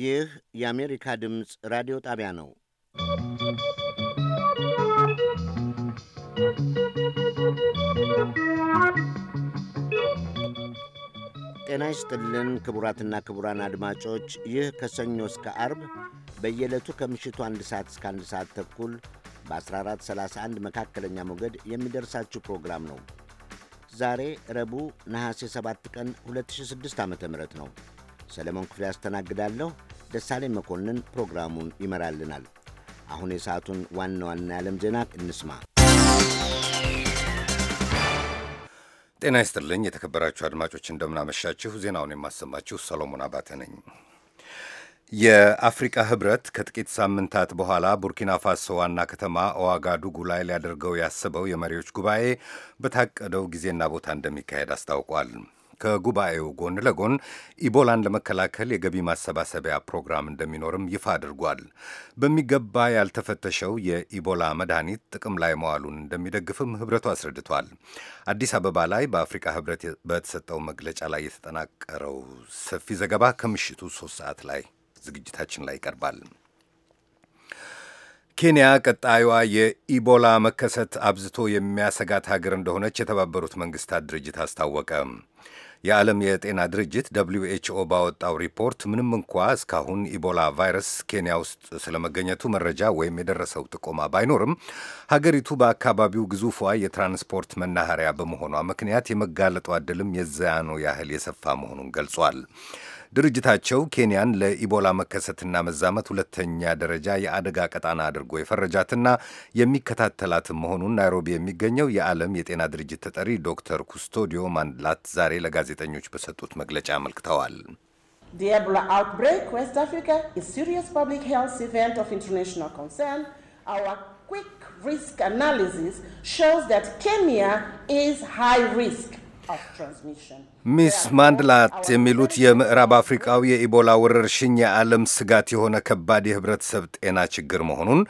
ይህ የአሜሪካ ድምፅ ራዲዮ ጣቢያ ነው። ጤና ይስጥልን ክቡራትና ክቡራን አድማጮች ይህ ከሰኞ እስከ አርብ በየዕለቱ ከምሽቱ አንድ ሰዓት እስከ አንድ ሰዓት ተኩል በ1431 መካከለኛ ሞገድ የሚደርሳችሁ ፕሮግራም ነው። ዛሬ ረቡዕ ነሐሴ 7 ቀን 2006 ም ነው። ሰለሞን ክፍሌ ያስተናግዳለሁ። ደሳለኝ መኮንን ፕሮግራሙን ይመራልናል። አሁን የሰዓቱን ዋና ዋና የዓለም ዜና እንስማ። ጤና ይስጥልኝ የተከበራችሁ አድማጮች፣ እንደምናመሻችሁ። ዜናውን የማሰማችሁ ሰሎሞን አባተ ነኝ። የአፍሪቃ ህብረት ከጥቂት ሳምንታት በኋላ ቡርኪና ፋሶ ዋና ከተማ ኦዋጋዱጉ ላይ ሊያደርገው ያስበው የመሪዎች ጉባኤ በታቀደው ጊዜና ቦታ እንደሚካሄድ አስታውቋል። ከጉባኤው ጎን ለጎን ኢቦላን ለመከላከል የገቢ ማሰባሰቢያ ፕሮግራም እንደሚኖርም ይፋ አድርጓል። በሚገባ ያልተፈተሸው የኢቦላ መድኃኒት ጥቅም ላይ መዋሉን እንደሚደግፍም ህብረቱ አስረድቷል። አዲስ አበባ ላይ በአፍሪካ ህብረት በተሰጠው መግለጫ ላይ የተጠናቀረው ሰፊ ዘገባ ከምሽቱ ሶስት ሰዓት ላይ ዝግጅታችን ላይ ይቀርባል። ኬንያ ቀጣዩዋ የኢቦላ መከሰት አብዝቶ የሚያሰጋት ሀገር እንደሆነች የተባበሩት መንግስታት ድርጅት አስታወቀ። የዓለም የጤና ድርጅት ደብሊው ኤችኦ ባወጣው ሪፖርት ምንም እንኳ እስካሁን ኢቦላ ቫይረስ ኬንያ ውስጥ ስለመገኘቱ መረጃ ወይም የደረሰው ጥቆማ ባይኖርም ሀገሪቱ በአካባቢው ግዙፏ የትራንስፖርት መናኸሪያ በመሆኗ ምክንያት የመጋለጧ ዕድልም የዚያኑ ያህል የሰፋ መሆኑን ገልጿል። ድርጅታቸው ኬንያን ለኢቦላ መከሰትና መዛመት ሁለተኛ ደረጃ የአደጋ ቀጣና አድርጎ የፈረጃትና የሚከታተላትም መሆኑን ናይሮቢ የሚገኘው የዓለም የጤና ድርጅት ተጠሪ ዶክተር ኩስቶዲዮ ማንላት ዛሬ ለጋዜጠኞች በሰጡት መግለጫ አመልክተዋል። ሚስ ማንድላት የሚሉት የምዕራብ አፍሪካዊ የኢቦላ ወረርሽኝ የዓለም ስጋት የሆነ ከባድ የህብረተሰብ ጤና ችግር መሆኑን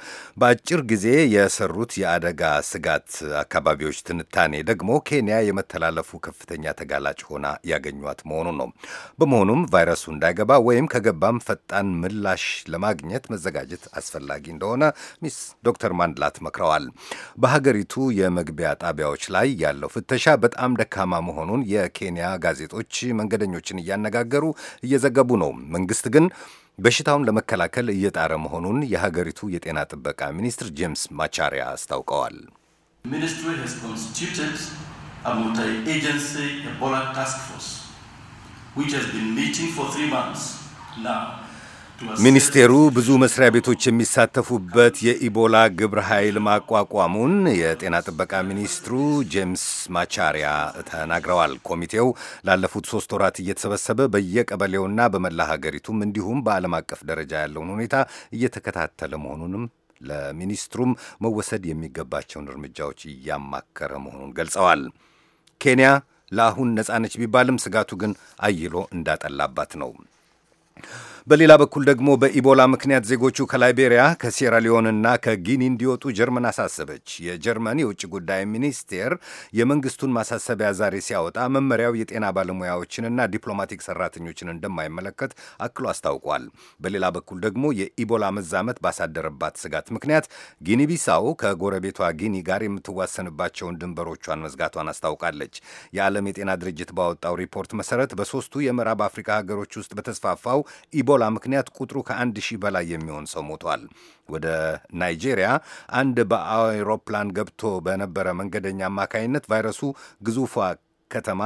በአጭር ጊዜ የሰሩት የአደጋ ስጋት አካባቢዎች ትንታኔ ደግሞ ኬንያ የመተላለፉ ከፍተኛ ተጋላጭ ሆና ያገኟት መሆኑን ነው። በመሆኑም ቫይረሱ እንዳይገባ ወይም ከገባም ፈጣን ምላሽ ለማግኘት መዘጋጀት አስፈላጊ እንደሆነ ሚስ ዶክተር ማንድላት መክረዋል። በሀገሪቱ የመግቢያ ጣቢያዎች ላይ ያለው ፍተሻ በጣም ደካማ መሆኑን የኬንያ ጋዜጦች መንገደኞችን እያነጋገሩ እየዘገቡ ነው። መንግስት ግን በሽታውን ለመከላከል እየጣረ መሆኑን የሀገሪቱ የጤና ጥበቃ ሚኒስትር ጄምስ ማቻሪያ አስታውቀዋል። ናው ሚኒስቴሩ ብዙ መስሪያ ቤቶች የሚሳተፉበት የኢቦላ ግብረ ኃይል ማቋቋሙን የጤና ጥበቃ ሚኒስትሩ ጄምስ ማቻሪያ ተናግረዋል። ኮሚቴው ላለፉት ሶስት ወራት እየተሰበሰበ በየቀበሌውና በመላ ሀገሪቱም እንዲሁም በዓለም አቀፍ ደረጃ ያለውን ሁኔታ እየተከታተለ መሆኑንም ለሚኒስትሩም መወሰድ የሚገባቸውን እርምጃዎች እያማከረ መሆኑን ገልጸዋል። ኬንያ ለአሁን ነጻነች ቢባልም ስጋቱ ግን አይሎ እንዳጠላባት ነው። በሌላ በኩል ደግሞ በኢቦላ ምክንያት ዜጎቹ ከላይቤሪያ ከሴራሊዮንና ከጊኒ እንዲወጡ ጀርመን አሳሰበች። የጀርመን የውጭ ጉዳይ ሚኒስቴር የመንግስቱን ማሳሰቢያ ዛሬ ሲያወጣ መመሪያው የጤና ባለሙያዎችንና ዲፕሎማቲክ ሰራተኞችን እንደማይመለከት አክሎ አስታውቋል። በሌላ በኩል ደግሞ የኢቦላ መዛመት ባሳደረባት ስጋት ምክንያት ጊኒ ቢሳው ከጎረቤቷ ጊኒ ጋር የምትዋሰንባቸውን ድንበሮቿን መዝጋቷን አስታውቃለች። የዓለም የጤና ድርጅት ባወጣው ሪፖርት መሰረት በሶስቱ የምዕራብ አፍሪካ ሀገሮች ውስጥ በተስፋፋው በኢቦላ ምክንያት ቁጥሩ ከአንድ ሺህ በላይ የሚሆን ሰው ሞቷል። ወደ ናይጄሪያ አንድ በአውሮፕላን ገብቶ በነበረ መንገደኛ አማካይነት ቫይረሱ ግዙፏ ከተማ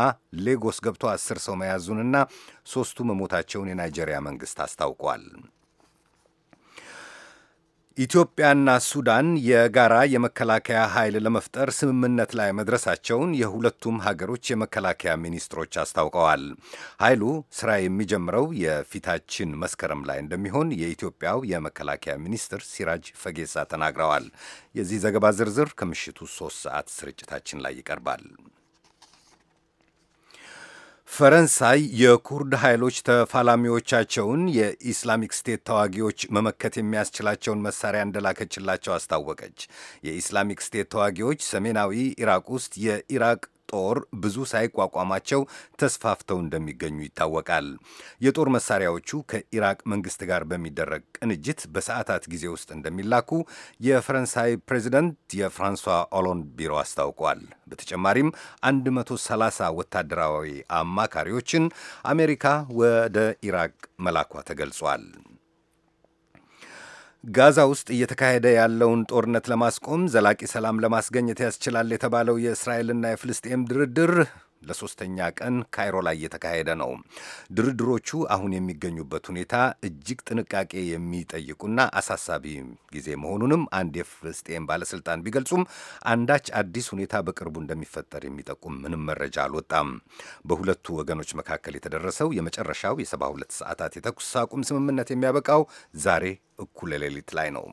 ሌጎስ ገብቶ አስር ሰው መያዙንና ሦስቱ መሞታቸውን የናይጄሪያ መንግሥት አስታውቋል። ኢትዮጵያና ሱዳን የጋራ የመከላከያ ኃይል ለመፍጠር ስምምነት ላይ መድረሳቸውን የሁለቱም ሀገሮች የመከላከያ ሚኒስትሮች አስታውቀዋል። ኃይሉ ስራ የሚጀምረው የፊታችን መስከረም ላይ እንደሚሆን የኢትዮጵያው የመከላከያ ሚኒስትር ሲራጅ ፈጌሳ ተናግረዋል። የዚህ ዘገባ ዝርዝር ከምሽቱ ሶስት ሰዓት ስርጭታችን ላይ ይቀርባል። ፈረንሳይ የኩርድ ኃይሎች ተፋላሚዎቻቸውን የኢስላሚክ ስቴት ተዋጊዎች መመከት የሚያስችላቸውን መሳሪያ እንደላከችላቸው አስታወቀች። የኢስላሚክ ስቴት ተዋጊዎች ሰሜናዊ ኢራቅ ውስጥ የኢራቅ ጦር ብዙ ሳይቋቋማቸው ተስፋፍተው እንደሚገኙ ይታወቃል። የጦር መሳሪያዎቹ ከኢራቅ መንግስት ጋር በሚደረግ ቅንጅት በሰዓታት ጊዜ ውስጥ እንደሚላኩ የፈረንሳይ ፕሬዚደንት የፍራንሷ ኦሎንድ ቢሮ አስታውቋል። በተጨማሪም 130 ወታደራዊ አማካሪዎችን አሜሪካ ወደ ኢራቅ መላኳ ተገልጿል። ጋዛ ውስጥ እየተካሄደ ያለውን ጦርነት ለማስቆም ዘላቂ ሰላም ለማስገኘት ያስችላል የተባለው የእስራኤልና የፍልስጤም ድርድር ለሶስተኛ ቀን ካይሮ ላይ እየተካሄደ ነው። ድርድሮቹ አሁን የሚገኙበት ሁኔታ እጅግ ጥንቃቄ የሚጠይቁና አሳሳቢ ጊዜ መሆኑንም አንድ የፍልስጤን ባለስልጣን ቢገልጹም አንዳች አዲስ ሁኔታ በቅርቡ እንደሚፈጠር የሚጠቁም ምንም መረጃ አልወጣም። በሁለቱ ወገኖች መካከል የተደረሰው የመጨረሻው የ72 ሰዓታት የተኩስ አቁም ስምምነት የሚያበቃው ዛሬ እኩለ ሌሊት ላይ ነው።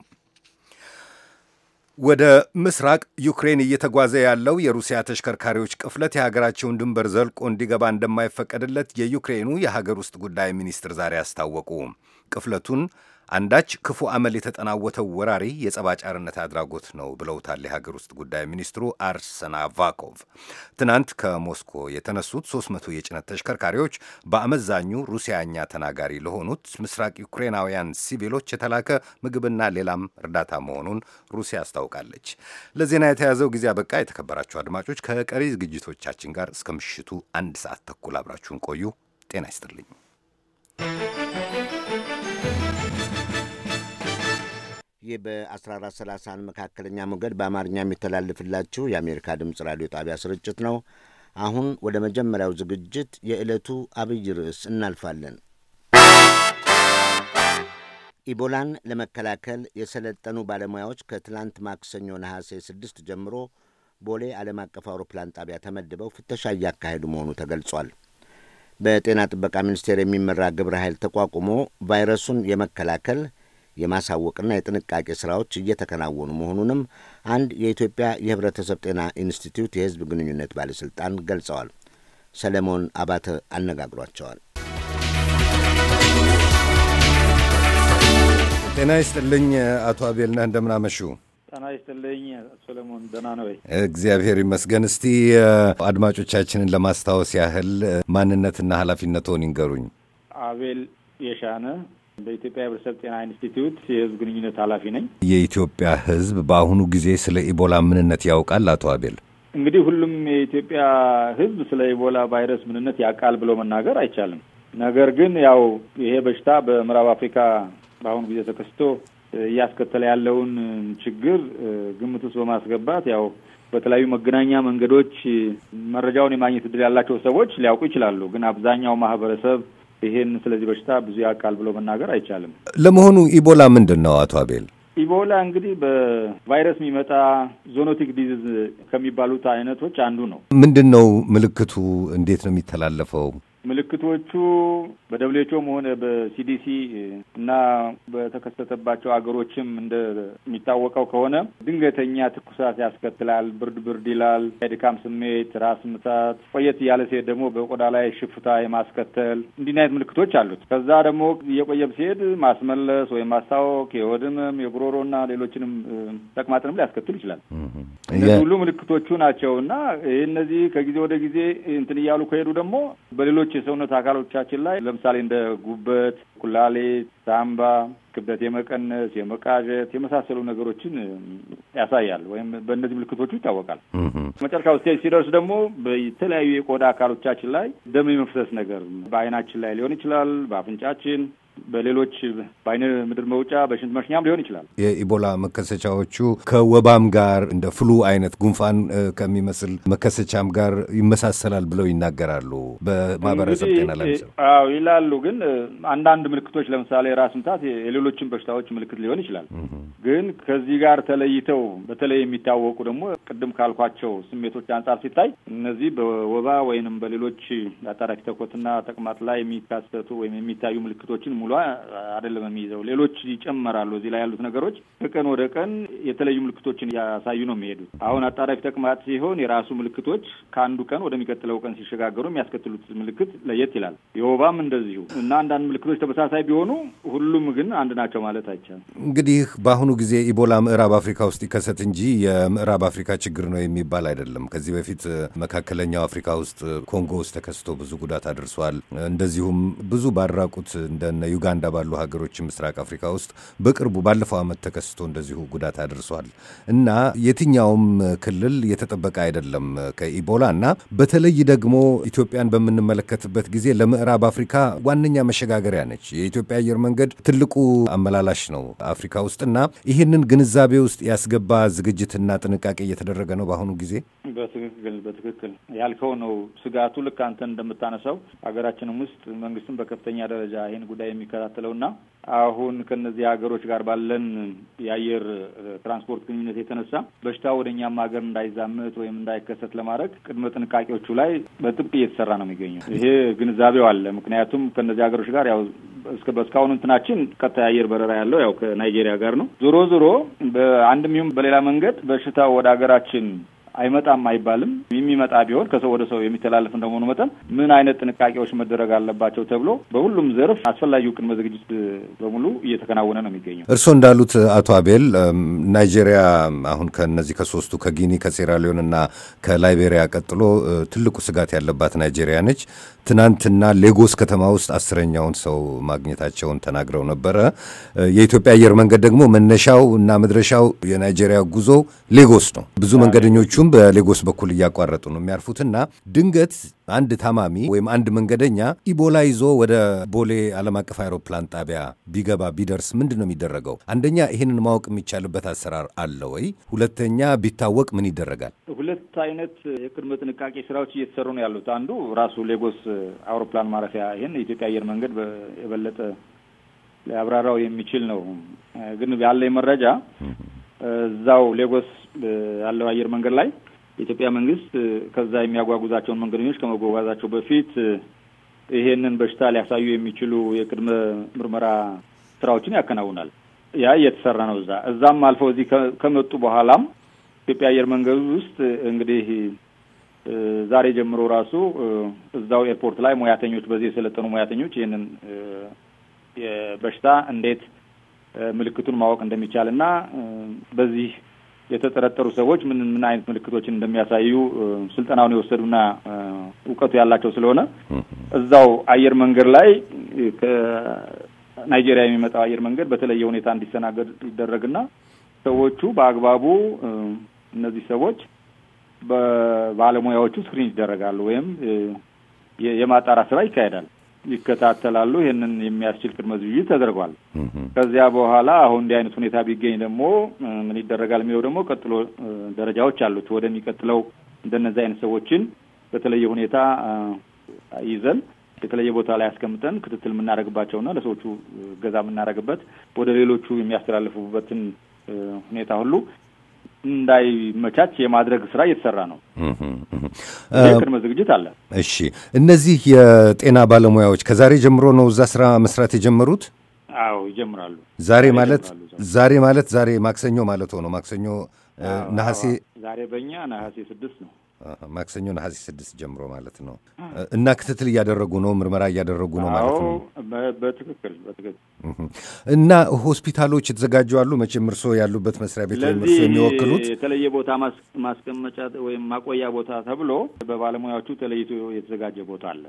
ወደ ምስራቅ ዩክሬን እየተጓዘ ያለው የሩሲያ ተሽከርካሪዎች ቅፍለት የሀገራቸውን ድንበር ዘልቆ እንዲገባ እንደማይፈቀድለት የዩክሬኑ የሀገር ውስጥ ጉዳይ ሚኒስትር ዛሬ አስታወቁ። ቅፍለቱን አንዳች ክፉ አመል የተጠናወተው ወራሪ የጸባጫርነት አድራጎት ነው ብለውታል የሀገር ውስጥ ጉዳይ ሚኒስትሩ አርሰና ቫኮቭ። ትናንት ከሞስኮ የተነሱት 300 የጭነት ተሽከርካሪዎች በአመዛኙ ሩሲያኛ ተናጋሪ ለሆኑት ምስራቅ ዩክሬናውያን ሲቪሎች የተላከ ምግብና ሌላም እርዳታ መሆኑን ሩሲያ አስታውቃለች። ለዜና የተያዘው ጊዜ አበቃ። የተከበራችሁ አድማጮች ከቀሪ ዝግጅቶቻችን ጋር እስከ ምሽቱ አንድ ሰዓት ተኩል አብራችሁን ቆዩ። ጤና ይስጥልኝ። ይህ በ1430 መካከለኛ ሞገድ በአማርኛ የሚተላልፍላችሁ የአሜሪካ ድምፅ ራዲዮ ጣቢያ ስርጭት ነው። አሁን ወደ መጀመሪያው ዝግጅት የዕለቱ አብይ ርዕስ እናልፋለን። ኢቦላን ለመከላከል የሰለጠኑ ባለሙያዎች ከትላንት ማክሰኞ ነሐሴ 6 ጀምሮ ቦሌ ዓለም አቀፍ አውሮፕላን ጣቢያ ተመድበው ፍተሻ እያካሄዱ መሆኑ ተገልጿል። በጤና ጥበቃ ሚኒስቴር የሚመራ ግብረ ኃይል ተቋቁሞ ቫይረሱን የመከላከል የማሳወቅና የጥንቃቄ ስራዎች እየተከናወኑ መሆኑንም አንድ የኢትዮጵያ የሕብረተሰብ ጤና ኢንስቲትዩት የሕዝብ ግንኙነት ባለሥልጣን ገልጸዋል። ሰለሞን አባተ አነጋግሯቸዋል። ጤና ይስጥልኝ አቶ አቤልና እንደምናመሹ። ጤና ይስጥልኝ ሰለሞን፣ ደህና ነው ወይ? እግዚአብሔር ይመስገን። እስቲ አድማጮቻችንን ለማስታወስ ያህል ማንነትና ኃላፊነትዎን ይንገሩኝ። አቤል የሻነ በኢትዮጵያ ህብረተሰብ ጤና ኢንስቲትዩት የህዝብ ግንኙነት ኃላፊ ነኝ። የኢትዮጵያ ህዝብ በአሁኑ ጊዜ ስለ ኢቦላ ምንነት ያውቃል? አቶ አቤል እንግዲህ ሁሉም የኢትዮጵያ ህዝብ ስለ ኢቦላ ቫይረስ ምንነት ያውቃል ብሎ መናገር አይቻልም። ነገር ግን ያው ይሄ በሽታ በምዕራብ አፍሪካ በአሁኑ ጊዜ ተከስቶ እያስከተለ ያለውን ችግር ግምት ውስጥ በማስገባት ያው በተለያዩ መገናኛ መንገዶች መረጃውን የማግኘት እድል ያላቸው ሰዎች ሊያውቁ ይችላሉ። ግን አብዛኛው ማህበረሰብ ይሄን ስለዚህ በሽታ ብዙ ያውቃል ብሎ መናገር አይቻልም። ለመሆኑ ኢቦላ ምንድን ነው አቶ አቤል? ኢቦላ እንግዲህ በቫይረስ የሚመጣ ዞኖቲክ ዲዚዝ ከሚባሉት አይነቶች አንዱ ነው። ምንድን ነው ምልክቱ? እንዴት ነው የሚተላለፈው? ምልክቶቹ በደብሌቾም ሆነ በሲዲሲ እና በተከሰተባቸው አገሮችም እንደሚታወቀው ከሆነ ድንገተኛ ትኩሳት ያስከትላል። ብርድ ብርድ ይላል፣ የድካም ስሜት፣ ራስ ምታት፣ ቆየት እያለ ሲሄድ ደግሞ በቆዳ ላይ ሽፍታ የማስከተል እንዲህ አይነት ምልክቶች አሉት። ከዛ ደግሞ እየቆየም ሲሄድ ማስመለስ ወይም ማስታወክ፣ የሆድ ህመም፣ የጉሮሮና ሌሎችንም ተቅማጥንም ሊያስከትል ይችላል። እነዚህ ሁሉ ምልክቶቹ ናቸው እና ይህ እነዚህ ከጊዜ ወደ ጊዜ እንትን እያሉ ከሄዱ ደግሞ በሌሎች የሰውነት አካሎቻችን ላይ ለምሳሌ እንደ ጉበት፣ ኩላሊት፣ ሳምባ ክብደት የመቀነስ የመቃዠት የመሳሰሉ ነገሮችን ያሳያል ወይም በእነዚህ ምልክቶቹ ይታወቃል። መጨረሻው ስቴጅ ሲደርስ ደግሞ በተለያዩ የቆዳ አካሎቻችን ላይ ደም የመፍሰስ ነገር በአይናችን ላይ ሊሆን ይችላል፣ በአፍንጫችን በሌሎች በአይነ ምድር መውጫ በሽንት መሽኛም ሊሆን ይችላል። የኢቦላ መከሰቻዎቹ ከወባም ጋር እንደ ፍሉ አይነት ጉንፋን ከሚመስል መከሰቻም ጋር ይመሳሰላል ብለው ይናገራሉ። በማህበረሰብ ጤና ላይ ይላሉ። ግን አንዳንድ ምልክቶች ለምሳሌ ራስ ምታት የሌሎችን በሽታዎች ምልክት ሊሆን ይችላል። ግን ከዚህ ጋር ተለይተው በተለይ የሚታወቁ ደግሞ ቅድም ካልኳቸው ስሜቶች አንጻር ሲታይ እነዚህ በወባ ወይንም በሌሎች አጣዳፊ ተኮትና ተቅማጥ ላይ የሚካሰቱ ወይም የሚታዩ ምልክቶችን ሙሉ አይደለም የሚይዘው፣ ሌሎች ይጨመራሉ። እዚህ ላይ ያሉት ነገሮች ከቀን ወደ ቀን የተለዩ ምልክቶችን እያሳዩ ነው የሚሄዱት። አሁን አጣዳፊ ተቅማጥ ሲሆን የራሱ ምልክቶች ከአንዱ ቀን ወደሚቀጥለው ቀን ሲሸጋገሩ የሚያስከትሉት ምልክት ለየት ይላል። የወባም እንደዚሁ እና አንዳንድ ምልክቶች ተመሳሳይ ቢሆኑ ሁሉም ግን አንድ ናቸው ማለት አይቻልም። እንግዲህ በአሁኑ ጊዜ ኢቦላ ምዕራብ አፍሪካ ውስጥ ይከሰት እንጂ የምዕራብ አፍሪካ ችግር ነው የሚባል አይደለም። ከዚህ በፊት መካከለኛው አፍሪካ ውስጥ ኮንጎ ውስጥ ተከስቶ ብዙ ጉዳት አድርሷል። እንደዚሁም ብዙ ባራቁት እንደነ ዩጋንዳ ባሉ ሀገሮች ምስራቅ አፍሪካ ውስጥ በቅርቡ ባለፈው ዓመት ተከስቶ እንደዚሁ ጉዳት አድርሷል እና የትኛውም ክልል የተጠበቀ አይደለም ከኢቦላ እና በተለይ ደግሞ ኢትዮጵያን በምንመለከትበት ጊዜ ለምዕራብ አፍሪካ ዋነኛ መሸጋገሪያ ነች። የኢትዮጵያ አየር መንገድ ትልቁ አመላላሽ ነው አፍሪካ ውስጥ እና ይህንን ግንዛቤ ውስጥ ያስገባ ዝግጅትና ጥንቃቄ እየተደረገ ነው በአሁኑ ጊዜ። በትክክል በትክክል ያልከው ነው። ስጋቱ ልክ አንተን እንደምታነሳው ሀገራችንም ውስጥ መንግስትም በከፍተኛ ደረጃ ይህን ጉዳይ የሚከታተለውና አሁን ከነዚህ ሀገሮች ጋር ባለን የአየር ትራንስፖርት ግንኙነት የተነሳ በሽታው ወደ እኛም ሀገር እንዳይዛምት ወይም እንዳይከሰት ለማድረግ ቅድመ ጥንቃቄዎቹ ላይ በጥብቅ እየተሰራ ነው የሚገኘው። ይሄ ግንዛቤው አለ። ምክንያቱም ከነዚህ ሀገሮች ጋር ያው እስከ እንትናችን ቀጥታ የአየር በረራ ያለው ያው ከናይጄሪያ ጋር ነው። ዞሮ ዞሮ በአንድም ይሁን በሌላ መንገድ በሽታው ወደ ሀገራችን አይመጣም አይባልም። የሚመጣ ቢሆን ከሰው ወደ ሰው የሚተላለፍ እንደመሆኑ መጠን ምን አይነት ጥንቃቄዎች መደረግ አለባቸው ተብሎ በሁሉም ዘርፍ አስፈላጊው ቅድመ ዝግጅት በሙሉ እየተከናወነ ነው የሚገኘው። እርስዎ እንዳሉት አቶ አቤል ናይጄሪያ አሁን ከነዚህ ከሶስቱ ከጊኒ፣ ከሴራሊዮን እና ከላይቤሪያ ቀጥሎ ትልቁ ስጋት ያለባት ናይጄሪያ ነች። ትናንትና ሌጎስ ከተማ ውስጥ አስረኛውን ሰው ማግኘታቸውን ተናግረው ነበረ። የኢትዮጵያ አየር መንገድ ደግሞ መነሻው እና መድረሻው የናይጄሪያ ጉዞ ሌጎስ ነው። ብዙ መንገደኞቹ ሁለቱም በሌጎስ በኩል እያቋረጡ ነው የሚያርፉትና ድንገት አንድ ታማሚ ወይም አንድ መንገደኛ ኢቦላ ይዞ ወደ ቦሌ ዓለም አቀፍ አውሮፕላን ጣቢያ ቢገባ ቢደርስ ምንድን ነው የሚደረገው? አንደኛ ይህንን ማወቅ የሚቻልበት አሰራር አለ ወይ? ሁለተኛ ቢታወቅ ምን ይደረጋል? ሁለት አይነት የቅድመ ጥንቃቄ ስራዎች እየተሰሩ ነው ያሉት። አንዱ ራሱ ሌጎስ አውሮፕላን ማረፊያ ይህን የኢትዮጵያ አየር መንገድ የበለጠ ሊያብራራው የሚችል ነው። ግን ያለኝ መረጃ እዛው ሌጎስ ያለው አየር መንገድ ላይ የኢትዮጵያ መንግስት ከዛ የሚያጓጉዛቸውን መንገደኞች ከመጓጓዛቸው በፊት ይሄንን በሽታ ሊያሳዩ የሚችሉ የቅድመ ምርመራ ስራዎችን ያከናውናል። ያ እየተሰራ ነው። እዛ እዛም አልፈው እዚህ ከመጡ በኋላም ኢትዮጵያ አየር መንገድ ውስጥ እንግዲህ ዛሬ ጀምሮ ራሱ እዛው ኤርፖርት ላይ ሙያተኞች በዚህ የሰለጠኑ ሙያተኞች ይህንን በሽታ እንዴት ምልክቱን ማወቅ እንደሚቻል እና በዚህ የተጠረጠሩ ሰዎች ምን ምን አይነት ምልክቶችን እንደሚያሳዩ ስልጠናውን የወሰዱና እውቀቱ ያላቸው ስለሆነ እዛው አየር መንገድ ላይ ከናይጄሪያ የሚመጣው አየር መንገድ በተለየ ሁኔታ እንዲስተናገድ ይደረግና ሰዎቹ በአግባቡ እነዚህ ሰዎች በባለሙያዎቹ ስክሪን ይደረጋሉ ወይም የማጣራት ስራ ይካሄዳል። ይከታተላሉ። ይህንን የሚያስችል ቅድመ ዝግጅት ተደርጓል። ከዚያ በኋላ አሁን እንዲህ አይነት ሁኔታ ቢገኝ ደግሞ ምን ይደረጋል የሚለው ደግሞ ቀጥሎ ደረጃዎች አሉት። ወደሚቀጥለው እንደነዚህ አይነት ሰዎችን በተለየ ሁኔታ ይዘን የተለየ ቦታ ላይ ያስቀምጠን ክትትል የምናደርግባቸውና ለሰዎቹ ገዛ የምናደርግበት ወደ ሌሎቹ የሚያስተላልፉበትን ሁኔታ ሁሉ እንዳይመቻች የማድረግ ስራ እየተሰራ ነው። ቅድመ ዝግጅት አለ። እሺ፣ እነዚህ የጤና ባለሙያዎች ከዛሬ ጀምሮ ነው እዛ ስራ መስራት የጀመሩት? አዎ፣ ይጀምራሉ። ዛሬ ማለት ዛሬ ማለት ዛሬ ማክሰኞ ማለት ሆኖ ማክሰኞ ነሐሴ ዛሬ በእኛ ነሐሴ ስድስት ነው። ማክሰኞ ነሐሴ ስድስት ጀምሮ ማለት ነው እና ክትትል እያደረጉ ነው፣ ምርመራ እያደረጉ ነው ማለት ነው። በትክክል በትክክል እና ሆስፒታሎች የተዘጋጁ አሉ። መቼም እርሶ ያሉበት መስሪያ ቤት ወይም እርስዎ የሚወክሉት የተለየ ቦታ ማስቀመጫ ወይም ማቆያ ቦታ ተብሎ በባለሙያዎቹ ተለይቶ የተዘጋጀ ቦታ አለ፣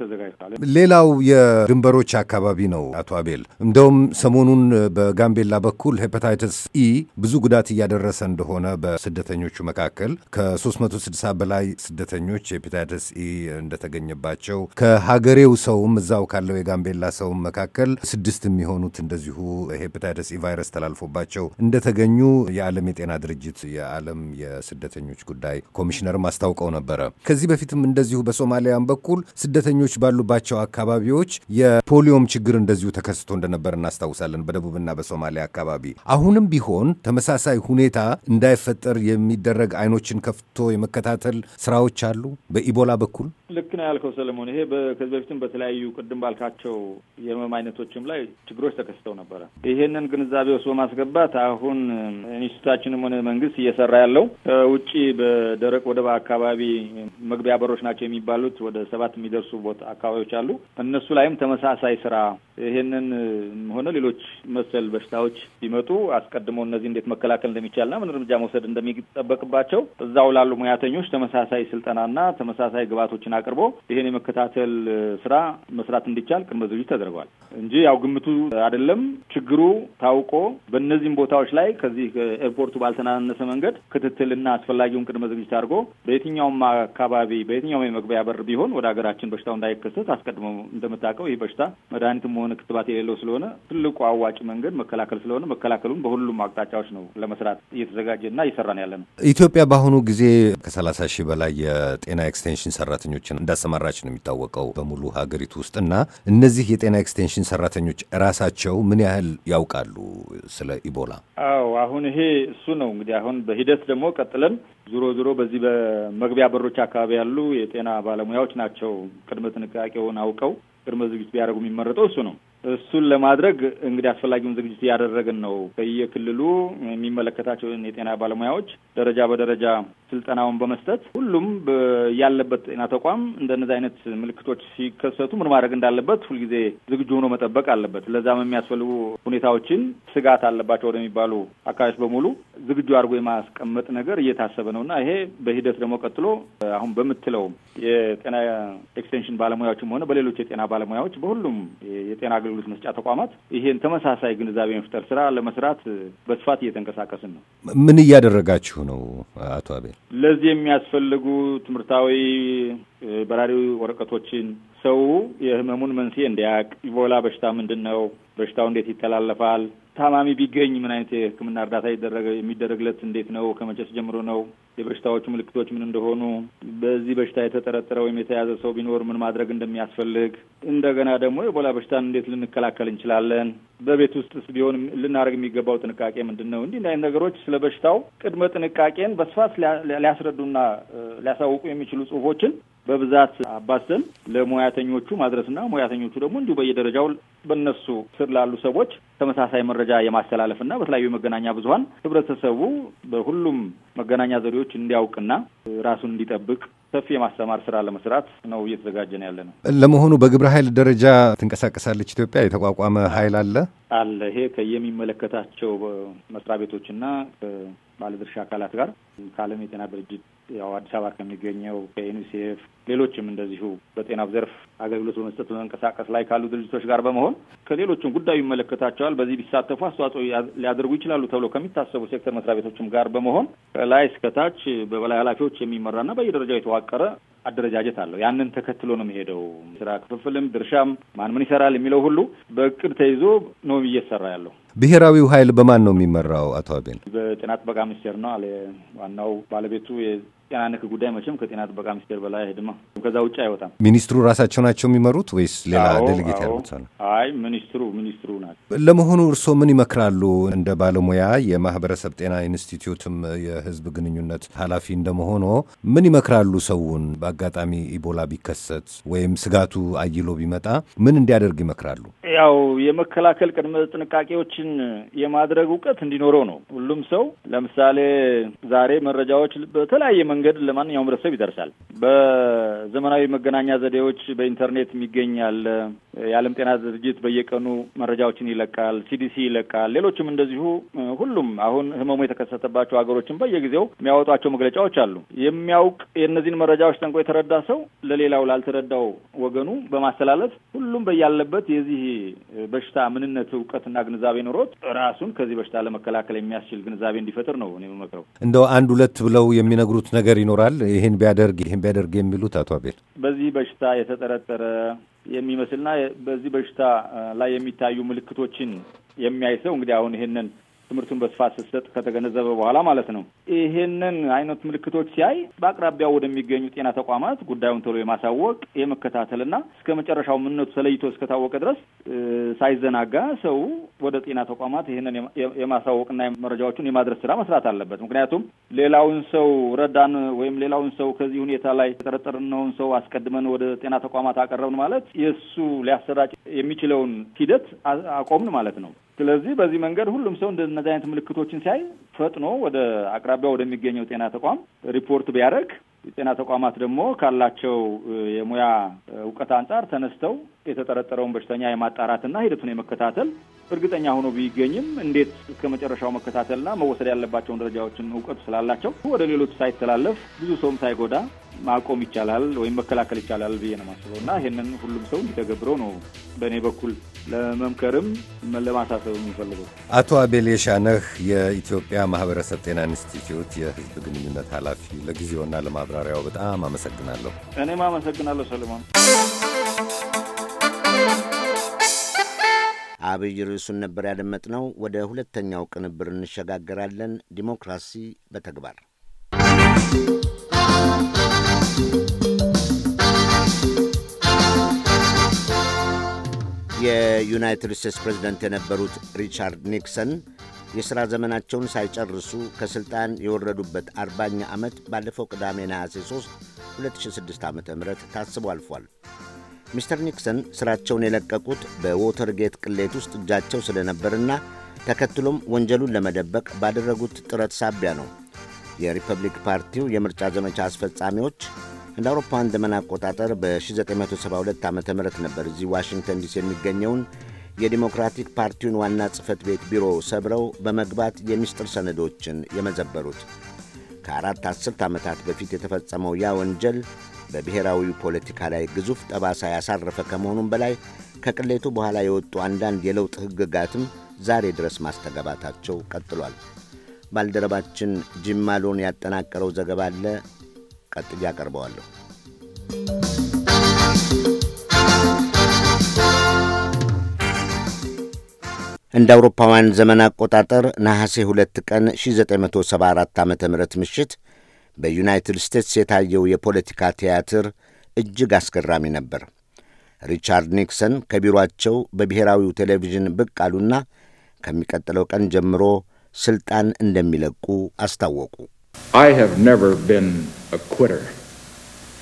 ተዘጋጅቷል። ሌላው የድንበሮች አካባቢ ነው። አቶ አቤል እንደውም ሰሞኑን በጋምቤላ በኩል ሄፓታይተስ ኢ ብዙ ጉዳት እያደረሰ እንደሆነ በስደተኞቹ መካከል መቶ ከስድሳ በላይ ስደተኞች ሄፒታይተስ ኢ እንደተገኘባቸው ከሀገሬው ሰውም እዛው ካለው የጋምቤላ ሰውም መካከል ስድስት የሚሆኑት እንደዚሁ ሄፒታይተስ ኢ ቫይረስ ተላልፎባቸው እንደተገኙ የዓለም የጤና ድርጅት የዓለም የስደተኞች ጉዳይ ኮሚሽነርም አስታውቀው ነበረ። ከዚህ በፊትም እንደዚሁ በሶማሊያም በኩል ስደተኞች ባሉባቸው አካባቢዎች የፖሊዮም ችግር እንደዚሁ ተከስቶ እንደነበር እናስታውሳለን። በደቡብና በሶማሊያ አካባቢ አሁንም ቢሆን ተመሳሳይ ሁኔታ እንዳይፈጠር የሚደረግ አይኖችን ከፍቶ የመከታተል ስራዎች አሉ በኢቦላ በኩል ልክ ነው ያልከው ሰለሞን። ይሄ ከዚህ በፊትም በተለያዩ ቅድም ባልካቸው የህመም አይነቶችም ላይ ችግሮች ተከስተው ነበረ። ይሄንን ግንዛቤ ውስጥ በማስገባት አሁን ኢንስቲቱታችንም ሆነ መንግስት እየሰራ ያለው ከውጭ በደረቅ ወደብ አካባቢ መግቢያ በሮች ናቸው የሚባሉት ወደ ሰባት የሚደርሱ ቦታ አካባቢዎች አሉ። እነሱ ላይም ተመሳሳይ ስራ ይሄንን ሆነ ሌሎች መሰል በሽታዎች ቢመጡ አስቀድሞ እነዚህ እንዴት መከላከል እንደሚቻልና ምን እርምጃ መውሰድ እንደሚጠበቅባቸው እዛው ላሉ ሙያተኞች ተመሳሳይ ስልጠናና ተመሳሳይ ግባቶችን አቅርቦ ይሄን የመከታተል ስራ መስራት እንዲቻል ቅድመ ዝግጅት ተደርጓል እንጂ ያው ግምቱ አይደለም። ችግሩ ታውቆ በእነዚህም ቦታዎች ላይ ከዚህ ኤርፖርቱ ባልተናነሰ መንገድ ክትትልና አስፈላጊውን ቅድመ ዝግጅት አድርጎ በየትኛውም አካባቢ በየትኛውም የመግቢያ በር ቢሆን ወደ ሀገራችን በሽታው እንዳይከሰት አስቀድሞ እንደምታውቀው ይህ በሽታ መድኃኒትም ሆነ ክትባት የሌለው ስለሆነ ትልቁ አዋጭ መንገድ መከላከል ስለሆነ መከላከሉን በሁሉም አቅጣጫዎች ነው ለመስራት እየተዘጋጀና ነው ያለ ነው። ኢትዮጵያ በአሁኑ ጊዜ ከሰላሳ ሺህ በላይ የጤና ኤክስቴንሽን ሰራተኞች ሰራተኞችን እንዳሰማራች ነው የሚታወቀው በሙሉ ሀገሪቱ ውስጥ እና እነዚህ የጤና ኤክስቴንሽን ሰራተኞች ራሳቸው ምን ያህል ያውቃሉ ስለ ኢቦላ? አዎ አሁን ይሄ እሱ ነው እንግዲህ አሁን በሂደት ደግሞ ቀጥለን ዞሮ ዞሮ በዚህ በመግቢያ በሮች አካባቢ ያሉ የጤና ባለሙያዎች ናቸው ቅድመ ጥንቃቄውን አውቀው ቅድመ ዝግጅት ቢያደርጉ የሚመረጠው እሱ ነው። እሱን ለማድረግ እንግዲህ አስፈላጊውን ዝግጅት እያደረግን ነው። በየክልሉ የሚመለከታቸውን የጤና ባለሙያዎች ደረጃ በደረጃ ስልጠናውን በመስጠት ሁሉም ያለበት ጤና ተቋም እንደነዚህ አይነት ምልክቶች ሲከሰቱ ምን ማድረግ እንዳለበት ሁልጊዜ ዝግጁ ሆኖ መጠበቅ አለበት። ለዛም የሚያስፈልጉ ሁኔታዎችን ስጋት አለባቸው ወደሚባሉ አካባቢዎች በሙሉ ዝግጁ አድርጎ የማስቀመጥ ነገር እየታሰበ ነው እና ይሄ በሂደት ደግሞ ቀጥሎ አሁን በምትለው የጤና ኤክስቴንሽን ባለሙያዎችም ሆነ በሌሎች የጤና ባለሙያዎች በሁሉም የጤና አገልግሎት መስጫ ተቋማት ይሄን ተመሳሳይ ግንዛቤ መፍጠር ስራ ለመስራት በስፋት እየተንቀሳቀስን ነው። ምን እያደረጋችሁ ነው አቶ አቤል? ለዚህ የሚያስፈልጉ ትምህርታዊ በራሪ ወረቀቶችን ሰው የህመሙን መንስኤ እንዲያውቅ ኢቦላ በሽታ ምንድን ነው፣ በሽታው እንዴት ይተላለፋል፣ ታማሚ ቢገኝ ምን አይነት የሕክምና እርዳታ ይደረገ የሚደረግለት እንዴት ነው? ከመቼስ ጀምሮ ነው? የበሽታዎቹ ምልክቶች ምን እንደሆኑ፣ በዚህ በሽታ የተጠረጠረ ወይም የተያዘ ሰው ቢኖር ምን ማድረግ እንደሚያስፈልግ፣ እንደገና ደግሞ የኢቦላ በሽታን እንዴት ልንከላከል እንችላለን፣ በቤት ውስጥስ ቢሆን ልናደርግ የሚገባው ጥንቃቄ ምንድን ነው? እንዲህ አይነት ነገሮች ስለ በሽታው ቅድመ ጥንቃቄን በስፋት ሊያስረዱና ሊያሳውቁ የሚችሉ ጽሁፎችን በብዛት አባዝተን ለሙያተኞቹ ማድረስና ሙያተኞቹ ደግሞ እንዲሁ በየደረጃው በእነሱ ስር ላሉ ሰዎች ተመሳሳይ መረጃ የማስተላለፍና በተለያዩ የመገናኛ ብዙኃን ህብረተሰቡ በሁሉም መገናኛ ዘዴዎች እንዲያውቅና ራሱን እንዲጠብቅ ሰፊ የማስተማር ስራ ለመስራት ነው እየተዘጋጀን ያለ ነው። ለመሆኑ በግብረ ኃይል ደረጃ ትንቀሳቀሳለች ኢትዮጵያ? የተቋቋመ ኃይል አለ አለ ይሄ ከየሚመለከታቸው መስሪያ ቤቶችና ባለድርሻ አካላት ጋር ከዓለም የጤና ድርጅት ያው አዲስ አበባ ከሚገኘው ከዩኒሴፍ ሌሎችም እንደዚሁ በጤና ዘርፍ አገልግሎት በመስጠት በመንቀሳቀስ ላይ ካሉ ድርጅቶች ጋር በመሆን ከሌሎችም ጉዳዩ ይመለከታቸዋል፣ በዚህ ቢሳተፉ አስተዋጽኦ ሊያደርጉ ይችላሉ ተብሎ ከሚታሰቡ ሴክተር መስሪያ ቤቶችም ጋር በመሆን ከላይ እስከታች በበላይ ኃላፊዎች የሚመራና በየደረጃው የተዋቀረ አደረጃጀት አለው። ያንን ተከትሎ ነው የሚሄደው። ስራ ክፍፍልም ድርሻም ማን ምን ይሰራል የሚለው ሁሉ በእቅድ ተይዞ ነው እየሰራ ያለው። ብሔራዊው ኃይል በማን ነው የሚመራው? አቶ አቤን በጤና ጥበቃ ሚኒስቴር ነው ዋናው ባለቤቱ ጤና ነክ ጉዳይ መቼም ከጤና ጥበቃ ሚኒስቴር በላይ አይሄድማ። ከዛ ውጭ አይወጣም። ሚኒስትሩ ራሳቸው ናቸው የሚመሩት ወይስ ሌላ ዴሌጌት ያሉት? አይ ሚኒስትሩ ሚኒስትሩ ናቸው። ለመሆኑ እርስዎ ምን ይመክራሉ? እንደ ባለሙያ የማህበረሰብ ጤና ኢንስቲትዩትም የህዝብ ግንኙነት ኃላፊ እንደመሆኖ ምን ይመክራሉ ሰውን በአጋጣሚ ኢቦላ ቢከሰት ወይም ስጋቱ አይሎ ቢመጣ ምን እንዲያደርግ ይመክራሉ? ያው የመከላከል ቅድመ ጥንቃቄዎችን የማድረግ እውቀት እንዲኖረው ነው ሁሉም ሰው። ለምሳሌ ዛሬ መረጃዎች በተለያየ መንገድ ለማንኛውም ህብረተሰብ ይደርሳል። በዘመናዊ መገናኛ ዘዴዎች በኢንተርኔት የሚገኛል የዓለም ጤና ድርጅት በየቀኑ መረጃዎችን ይለቃል። ሲዲሲ ይለቃል። ሌሎችም እንደዚሁ ሁሉም አሁን ህመሙ የተከሰተባቸው ሀገሮችን በየጊዜው የሚያወጧቸው መግለጫዎች አሉ። የሚያውቅ የእነዚህን መረጃዎች ጠንቆ የተረዳ ሰው ለሌላው ላልተረዳው ወገኑ በማስተላለፍ ሁሉም በያለበት የዚህ በሽታ ምንነት እውቀትና ግንዛቤ ኖሮት ራሱን ከዚህ በሽታ ለመከላከል የሚያስችል ግንዛቤ እንዲፈጥር ነው እኔ መክረው። እንደው አንድ ሁለት ብለው የሚነግሩት ነገር ይኖራል፣ ይህን ቢያደርግ ይህን ቢያደርግ የሚሉት አቶ አቤል በዚህ በሽታ የተጠረጠረ የሚመስልና በዚህ በሽታ ላይ የሚታዩ ምልክቶችን የሚያይ ሰው እንግዲህ አሁን ይሄንን ትምህርቱን በስፋት ስትሰጥ ከተገነዘበ በኋላ ማለት ነው። ይሄንን አይነት ምልክቶች ሲያይ በአቅራቢያው ወደሚገኙ ጤና ተቋማት ጉዳዩን ቶሎ የማሳወቅ የመከታተልና እስከ መጨረሻው ምንነቱ ተለይቶ እስከታወቀ ድረስ ሳይዘናጋ ሰው ወደ ጤና ተቋማት ይህንን የማሳወቅና መረጃዎቹን የማድረስ ስራ መስራት አለበት። ምክንያቱም ሌላውን ሰው ረዳን ወይም ሌላውን ሰው ከዚህ ሁኔታ ላይ የጠረጠርነውን ሰው አስቀድመን ወደ ጤና ተቋማት አቀረብን ማለት የእሱ ሊያሰራጭ የሚችለውን ሂደት አቆምን ማለት ነው። ስለዚህ በዚህ መንገድ ሁሉም ሰው እንደነዚህ አይነት ምልክቶችን ሲያይ ፈጥኖ ወደ አቅራቢያው ወደሚገኘው ጤና ተቋም ሪፖርት ቢያደርግ የጤና ተቋማት ደግሞ ካላቸው የሙያ እውቀት አንጻር ተነስተው የተጠረጠረውን በሽተኛ የማጣራትና ሂደቱን የመከታተል እርግጠኛ ሆኖ ቢገኝም እንዴት እስከ መጨረሻው መከታተልና መወሰድ ያለባቸውን ደረጃዎችን እውቀቱ ስላላቸው ወደ ሌሎች ሳይተላለፍ ብዙ ሰውም ሳይጎዳ ማቆም ይቻላል ወይም መከላከል ይቻላል ብዬ ነው ማስበው እና ይህንን ሁሉም ሰው እንዲተገብረው ነው በእኔ በኩል ለመምከርም ለማሳሰብ የሚፈልገው። አቶ አቤል የሻነህ የኢትዮጵያ ማህበረሰብ ጤና ኢንስቲትዩት የህዝብ ግንኙነት ኃላፊ፣ ለጊዜውና ለማብራሪያው በጣም አመሰግናለሁ። እኔም አመሰግናለሁ ሰለሞን። አብይ ርዕሱን ነበር ያደመጥነው። ወደ ሁለተኛው ቅንብር እንሸጋገራለን። ዲሞክራሲ በተግባር የዩናይትድ ስቴትስ ፕሬዝደንት የነበሩት ሪቻርድ ኒክሰን የሥራ ዘመናቸውን ሳይጨርሱ ከሥልጣን የወረዱበት አርባኛ ዓመት ባለፈው ቅዳሜ ነሐሴ 3 2006 ዓ ም ታስቦ አልፏል። ሚስተር ኒክሰን ሥራቸውን የለቀቁት በዎተርጌት ቅሌት ውስጥ እጃቸው ስለነበርና ተከትሎም ወንጀሉን ለመደበቅ ባደረጉት ጥረት ሳቢያ ነው። የሪፐብሊክ ፓርቲው የምርጫ ዘመቻ አስፈጻሚዎች እንደ አውሮፓውያን ዘመን አቆጣጠር በ1972 ዓ ም ነበር እዚህ ዋሽንግተን ዲሲ የሚገኘውን የዲሞክራቲክ ፓርቲውን ዋና ጽህፈት ቤት ቢሮ ሰብረው በመግባት የሚስጥር ሰነዶችን የመዘበሩት። ከአራት አስርት ዓመታት በፊት የተፈጸመው ያ ወንጀል በብሔራዊ ፖለቲካ ላይ ግዙፍ ጠባሳ ያሳረፈ ከመሆኑም በላይ ከቅሌቱ በኋላ የወጡ አንዳንድ የለውጥ ሕግጋትም ዛሬ ድረስ ማስተጋባታቸው ቀጥሏል። ባልደረባችን ጂም ማሎን ያጠናቀረው ዘገባ አለ። ቀጥዬ አቀርበዋለሁ። እንደ አውሮፓውያን ዘመን አቆጣጠር ነሐሴ 2 ቀን 1974 ዓ ም ምሽት በዩናይትድ ስቴትስ የታየው የፖለቲካ ቲያትር እጅግ አስገራሚ ነበር። ሪቻርድ ኒክሰን ከቢሮአቸው በብሔራዊው ቴሌቪዥን ብቅ አሉና ከሚቀጥለው ቀን ጀምሮ ሥልጣን እንደሚለቁ አስታወቁ። I have never been a quitter.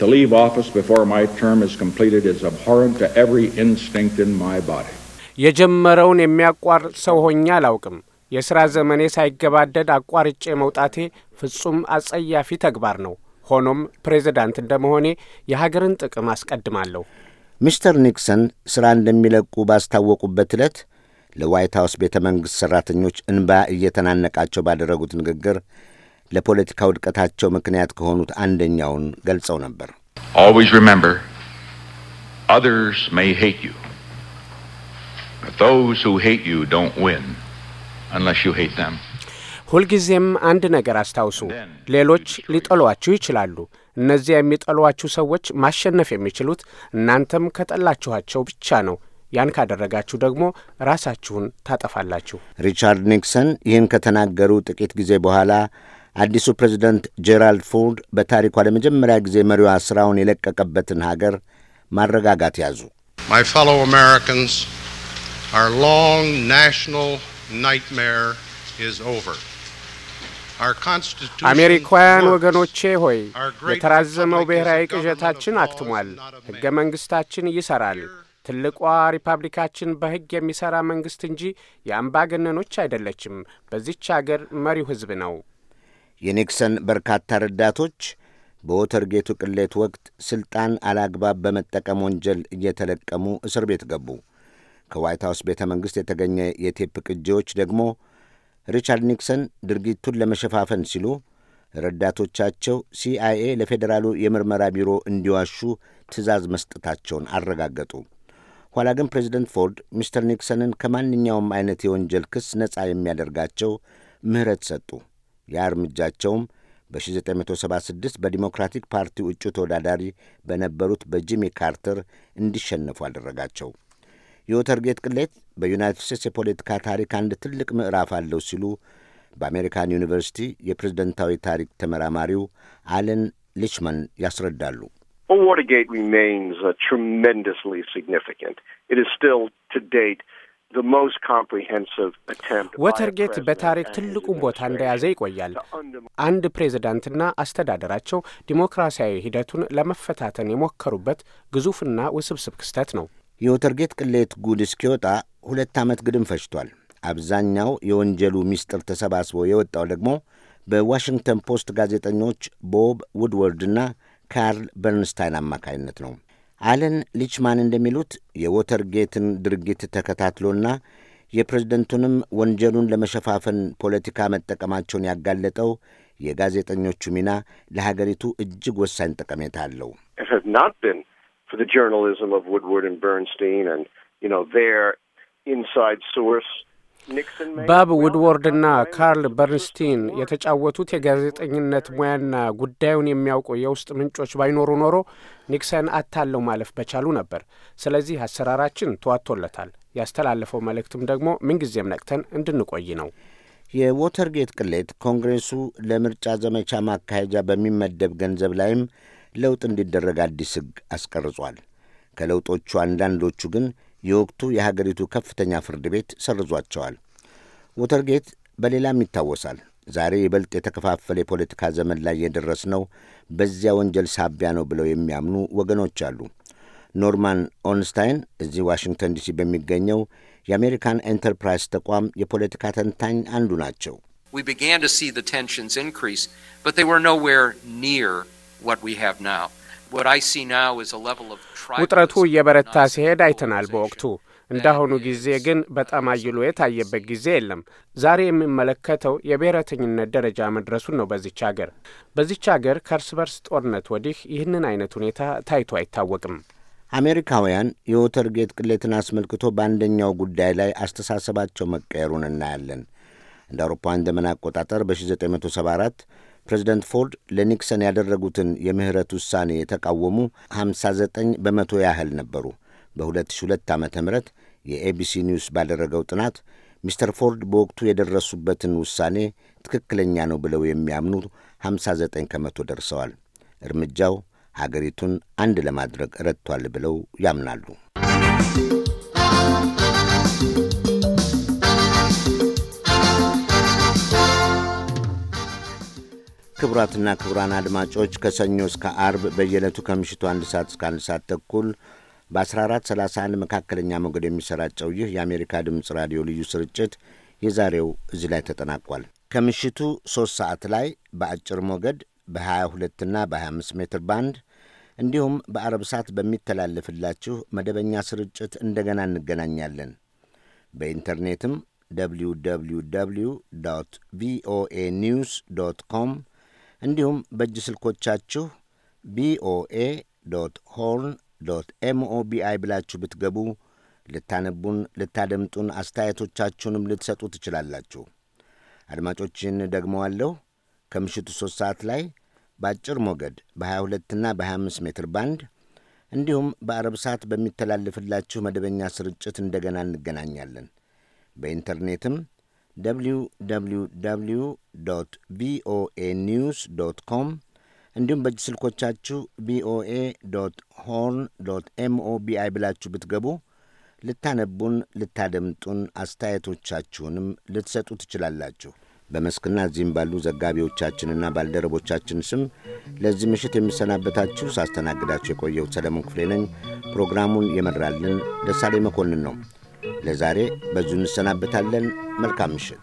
To leave office before my term is completed is abhorrent to every instinct in my body. የጀመረውን የሚያቋርጥ ሰው ሆኜ አላውቅም። የሥራ ዘመኔ ሳይገባደድ አቋርጬ መውጣቴ ፍጹም አጸያፊ ተግባር ነው። ሆኖም ፕሬዚዳንት እንደ መሆኔ የሀገርን ጥቅም አስቀድማለሁ። ሚስተር ኒክሰን ሥራ እንደሚለቁ ባስታወቁበት ዕለት ለዋይት ሐውስ ቤተ መንግሥት ሠራተኞች እንባ እየተናነቃቸው ባደረጉት ንግግር ለፖለቲካ ውድቀታቸው ምክንያት ከሆኑት አንደኛውን ገልጸው ነበር። Always remember, others may hate you, but those who hate you don't win unless you hate them. ሁልጊዜም አንድ ነገር አስታውሱ። ሌሎች ሊጠሏችሁ ይችላሉ። እነዚያ የሚጠሏችሁ ሰዎች ማሸነፍ የሚችሉት እናንተም ከጠላችኋቸው ብቻ ነው። ያን ካደረጋችሁ ደግሞ ራሳችሁን ታጠፋላችሁ። ሪቻርድ ኒክሰን ይህን ከተናገሩ ጥቂት ጊዜ በኋላ አዲሱ ፕሬዚደንት ጄራልድ ፎርድ በታሪኳ ለመጀመሪያ ጊዜ መሪዋ ሥራውን የለቀቀበትን ሀገር ማረጋጋት ያዙ። My fellow Americans, our long national nightmare is over. አሜሪካውያን ወገኖቼ ሆይ የተራዘመው ብሔራዊ ቅዠታችን አክትሟል። ሕገ መንግሥታችን ይሠራል። ትልቋ ሪፐብሊካችን በሕግ የሚሠራ መንግሥት እንጂ የአምባገነኖች አይደለችም። በዚች አገር መሪው ሕዝብ ነው። የኒክሰን በርካታ ረዳቶች በዎተርጌቱ ቅሌት ወቅት ሥልጣን አላግባብ በመጠቀም ወንጀል እየተለቀሙ እስር ቤት ገቡ። ከዋይት ሐውስ ቤተ መንግሥት የተገኘ የቴፕ ቅጂዎች ደግሞ ሪቻርድ ኒክሰን ድርጊቱን ለመሸፋፈን ሲሉ ረዳቶቻቸው ሲአይኤ ለፌዴራሉ የምርመራ ቢሮ እንዲዋሹ ትዕዛዝ መስጠታቸውን አረጋገጡ። ኋላ ግን ፕሬዚደንት ፎርድ ሚስተር ኒክሰንን ከማንኛውም አይነት የወንጀል ክስ ነፃ የሚያደርጋቸው ምህረት ሰጡ። ያ እርምጃቸውም በ1976 በዲሞክራቲክ ፓርቲ እጩ ተወዳዳሪ በነበሩት በጂሚ ካርተር እንዲሸነፉ አደረጋቸው። የወተርጌት ቅሌት በዩናይትድ ስቴትስ የፖለቲካ ታሪክ አንድ ትልቅ ምዕራፍ አለው ሲሉ በአሜሪካን ዩኒቨርሲቲ የፕሬዝደንታዊ ታሪክ ተመራማሪው አለን ሊችመን ያስረዳሉ። Watergate remains tremendously ሲግኒፊካንት It is still ወተርጌት በታሪክ ትልቁን ቦታ እንደያዘ ይቆያል። አንድ ፕሬዝዳንትና አስተዳደራቸው ዲሞክራሲያዊ ሂደቱን ለመፈታተን የሞከሩበት ግዙፍና ውስብስብ ክስተት ነው። የወተርጌት ቅሌት ጉድ እስኪወጣ ሁለት ዓመት ግድም ፈጅቷል። አብዛኛው የወንጀሉ ምስጢር ተሰባስቦ የወጣው ደግሞ በዋሽንግተን ፖስት ጋዜጠኞች ቦብ ውድወርድና ካርል በርንስታይን አማካይነት ነው። አለን ሊችማን እንደሚሉት የዎተርጌትን ድርጊት ተከታትሎና የፕሬዝደንቱንም ወንጀሉን ለመሸፋፈን ፖለቲካ መጠቀማቸውን ያጋለጠው የጋዜጠኞቹ ሚና ለሀገሪቱ እጅግ ወሳኝ ጠቀሜታ አለው። ባብ ውድዎርድና ካርል በርንስቲን የተጫወቱት የጋዜጠኝነት ሙያና ጉዳዩን የሚያውቁ የውስጥ ምንጮች ባይኖሩ ኖሮ ኒክሰን አታለው ማለፍ በቻሉ ነበር። ስለዚህ አሰራራችን ተዋጥቶለታል። ያስተላለፈው መልእክትም ደግሞ ምንጊዜም ነቅተን እንድንቆይ ነው። የዎተርጌት ቅሌት ኮንግሬሱ ለምርጫ ዘመቻ ማካሄጃ በሚመደብ ገንዘብ ላይም ለውጥ እንዲደረግ አዲስ ሕግ አስቀርጿል። ከለውጦቹ አንዳንዶቹ ግን የወቅቱ የሀገሪቱ ከፍተኛ ፍርድ ቤት ሰርዟቸዋል። ወተርጌት በሌላም ይታወሳል። ዛሬ ይበልጥ የተከፋፈለ የፖለቲካ ዘመን ላይ የደረስነው በዚያ ወንጀል ሳቢያ ነው ብለው የሚያምኑ ወገኖች አሉ። ኖርማን ኦንስታይን እዚህ ዋሽንግተን ዲሲ በሚገኘው የአሜሪካን ኤንተርፕራይዝ ተቋም የፖለቲካ ተንታኝ አንዱ ናቸው። We began to see the tensions increase, but ውጥረቱ እየበረታ ሲሄድ አይተናል በወቅቱ እንዳሁኑ ጊዜ ግን በጣም አይሎ የታየበት ጊዜ የለም። ዛሬ የምመለከተው የብሔረተኝነት ደረጃ መድረሱን ነው። በዚች አገር በዚች አገር ከእርስ በርስ ጦርነት ወዲህ ይህንን አይነት ሁኔታ ታይቶ አይታወቅም። አሜሪካውያን የወተርጌት ቅሌትን አስመልክቶ በአንደኛው ጉዳይ ላይ አስተሳሰባቸው መቀየሩን እናያለን። እንደ አውሮፓውያን ዘመን አቆጣጠር በ1974 ፕሬዚደንት ፎርድ ለኒክሰን ያደረጉትን የምህረት ውሳኔ የተቃወሙ 59 በመቶ ያህል ነበሩ። በ2002 ዓ ም የኤቢሲ ኒውስ ባደረገው ጥናት ሚስተር ፎርድ በወቅቱ የደረሱበትን ውሳኔ ትክክለኛ ነው ብለው የሚያምኑ 59 ከመቶ ደርሰዋል። እርምጃው ሀገሪቱን አንድ ለማድረግ ረድቷል ብለው ያምናሉ። ክቡራትና ክቡራን አድማጮች ከሰኞ እስከ አርብ በየዕለቱ ከምሽቱ አንድ ሰዓት እስከ አንድ ሰዓት ተኩል በ1431 መካከለኛ ሞገድ የሚሰራጨው ይህ የአሜሪካ ድምፅ ራዲዮ ልዩ ስርጭት የዛሬው እዚህ ላይ ተጠናቋል። ከምሽቱ 3 ሰዓት ላይ በአጭር ሞገድ በ22ና በ25 ሜትር ባንድ እንዲሁም በአረብ ሰዓት በሚተላለፍላችሁ መደበኛ ስርጭት እንደገና እንገናኛለን። በኢንተርኔትም ደብሊው ደብሊው ዶት ቪኦኤ ኒውስ ዶት ኮም እንዲሁም በእጅ ስልኮቻችሁ ቪኦኤ ዶት ሆርን ዶት ኤምኦቢአይ ብላችሁ ብትገቡ ልታነቡን፣ ልታደምጡን፣ አስተያየቶቻችሁንም ልትሰጡ ትችላላችሁ። አድማጮችን ደግመዋለሁ። ከምሽቱ ሦስት ሰዓት ላይ በአጭር ሞገድ በ22ና በ25 ሜትር ባንድ እንዲሁም በአረብ ሰዓት በሚተላለፍላችሁ መደበኛ ስርጭት እንደገና እንገናኛለን። በኢንተርኔትም www ቪኦኤ ኒውስ ዶት ኮም እንዲሁም በእጅ ስልኮቻችሁ ቪኦኤ ሆርን ኤምኦቢአይ ብላችሁ ብትገቡ ልታነቡን፣ ልታደምጡን፣ አስተያየቶቻችሁንም ልትሰጡ ትችላላችሁ። በመስክና እዚህም ባሉ ዘጋቢዎቻችንና ባልደረቦቻችን ስም ለዚህ ምሽት የምሰናበታችሁ ሳስተናግዳችሁ የቆየሁት ሰለሞን ክፍሌ ነኝ። ፕሮግራሙን የመራልን ደሳሌ መኮንን ነው። ለዛሬ በዙ እንሰናበታለን። መልካም ምሽት።